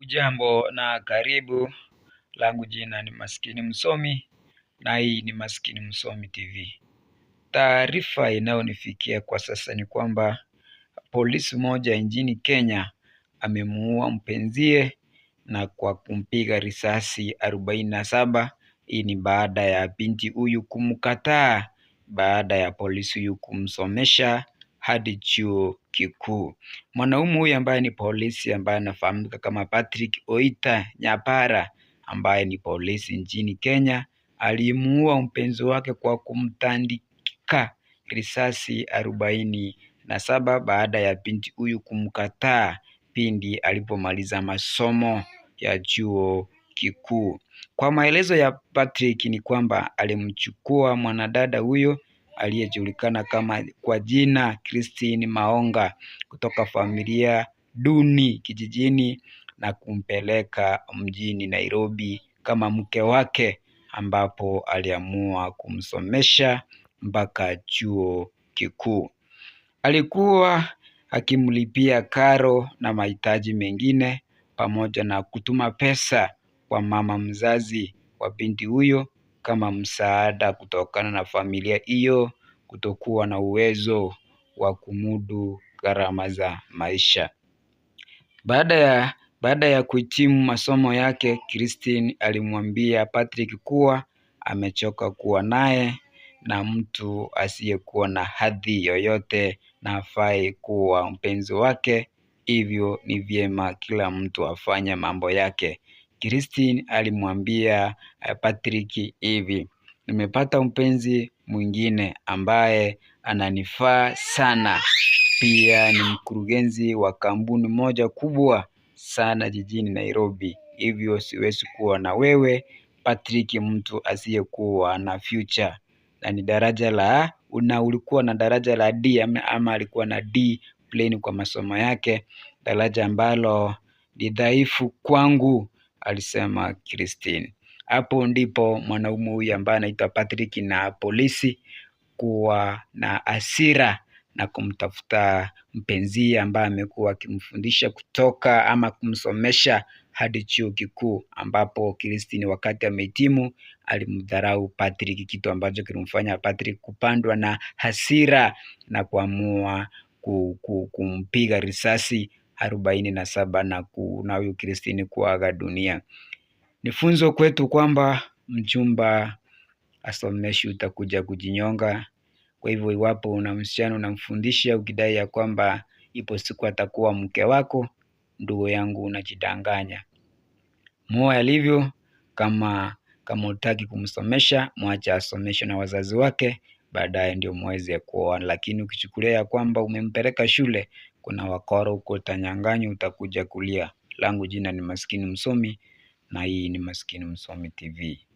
ujambo na karibu. Langu jina ni Maskini Msomi na hii ni Maskini Msomi TV. Taarifa inayonifikia kwa sasa ni kwamba polisi mmoja nchini Kenya amemuua mpenzie na kwa kumpiga risasi arobaini na saba. Hii ni baada ya binti huyu kumkataa baada ya polisi huyu kumsomesha hadi chuo kikuu. Mwanaume huyu ambaye ni polisi ambaye anafahamika kama Patrick Oita Nyapara ambaye ni polisi nchini Kenya alimuua mpenzi wake kwa kumtandika risasi arobaini na saba baada ya binti huyu kumkataa pindi alipomaliza masomo ya chuo kikuu. Kwa maelezo ya Patrick ni kwamba alimchukua mwanadada huyo aliyejulikana kama kwa jina Christine Maonga kutoka familia duni kijijini na kumpeleka mjini Nairobi kama mke wake ambapo aliamua kumsomesha mpaka chuo kikuu. Alikuwa akimlipia karo na mahitaji mengine pamoja na kutuma pesa kwa mama mzazi wa binti huyo kama msaada kutokana na familia hiyo kutokuwa na uwezo wa kumudu gharama za maisha. Baada ya baada ya kuhitimu masomo yake, Christine alimwambia Patrick kuwa amechoka kuwa naye na mtu asiyekuwa na hadhi yoyote na afai kuwa mpenzi wake, hivyo ni vyema kila mtu afanye mambo yake Christine alimwambia eh, Patrick hivi, nimepata mpenzi mwingine ambaye ananifaa sana, pia ni mkurugenzi wa kampuni moja kubwa sana jijini Nairobi, hivyo siwezi kuwa na wewe Patrick, mtu asiyekuwa na future. Na ni daraja la una, ulikuwa na daraja la D ama alikuwa na D plain kwa masomo yake, daraja ambalo ni dhaifu kwangu alisema Christine. Hapo ndipo mwanaume huyu ambaye anaitwa Patrick na polisi kuwa na hasira na kumtafuta mpenzi ambaye amekuwa akimfundisha kutoka ama kumsomesha hadi chuo kikuu, ambapo Christine wakati amehitimu alimdharau Patrick, kitu ambacho kilimfanya Patrick kupandwa na hasira na kuamua kumpiga risasi arobaini na saba na huyu Kristini kuaga dunia. Ni funzo kwetu kwamba mchumba asomeshi utakuja kujinyonga. Kwa hivyo, iwapo una msichana unamfundisha ukidai ya kwamba ipo siku atakuwa mke wako, ndugu yangu, unajidanganya. mua alivyo. Kama kama kumsomesha, mwacha asomeshe na wazazi wake, baadaye ndio mweze kuoa. Lakini ukichukulia ya kwamba umempeleka shule, kuna wakora huko Tanyanganyi utakuja kulia. Langu jina ni Maskini Msomi na hii ni Maskini Msomi TV.